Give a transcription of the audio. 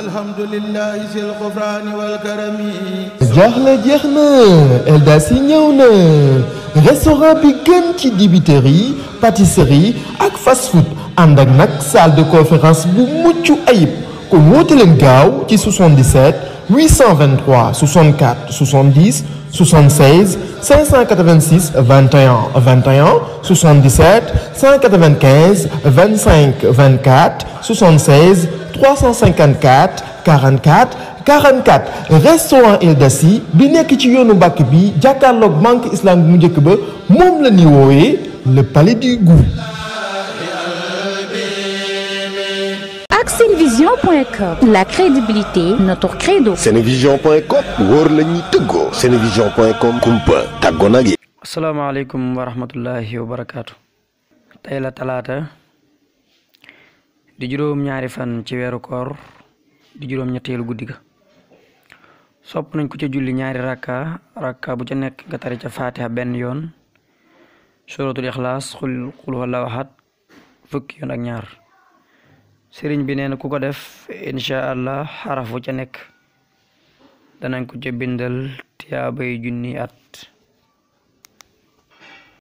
Alhamdulillah, sil xufraani wal karami restaurant pâtisserie fast food and salle de conférence bu Moutou 77 823 64 70 76 586 21 21 77 195 25 24 76 354 44 44 restaurant El dassi bi nek ci yoonu mbak bi islam mu njëkk ba la le palais du goût. Senevision.com la crédibilité notre credo. Senevision.com World la ni tëggoo. Senevision.com kumpa Tagonagi. Assalamu alaikum wa rahmatullahi wa talata. di juróom ñaari fan ci weeru koor di juróom ñetteelu lugu ga sopp nañ ko ca julli ñaari rakka rakka bu ca nekk nga tari ca fatiha benn yoon suratul ixlaas xul xul wallahu ahad fukki yoon ak ñaar sëriñ bi nee ku def insha allah haraf bu ca nekk danañ ko ca bindal at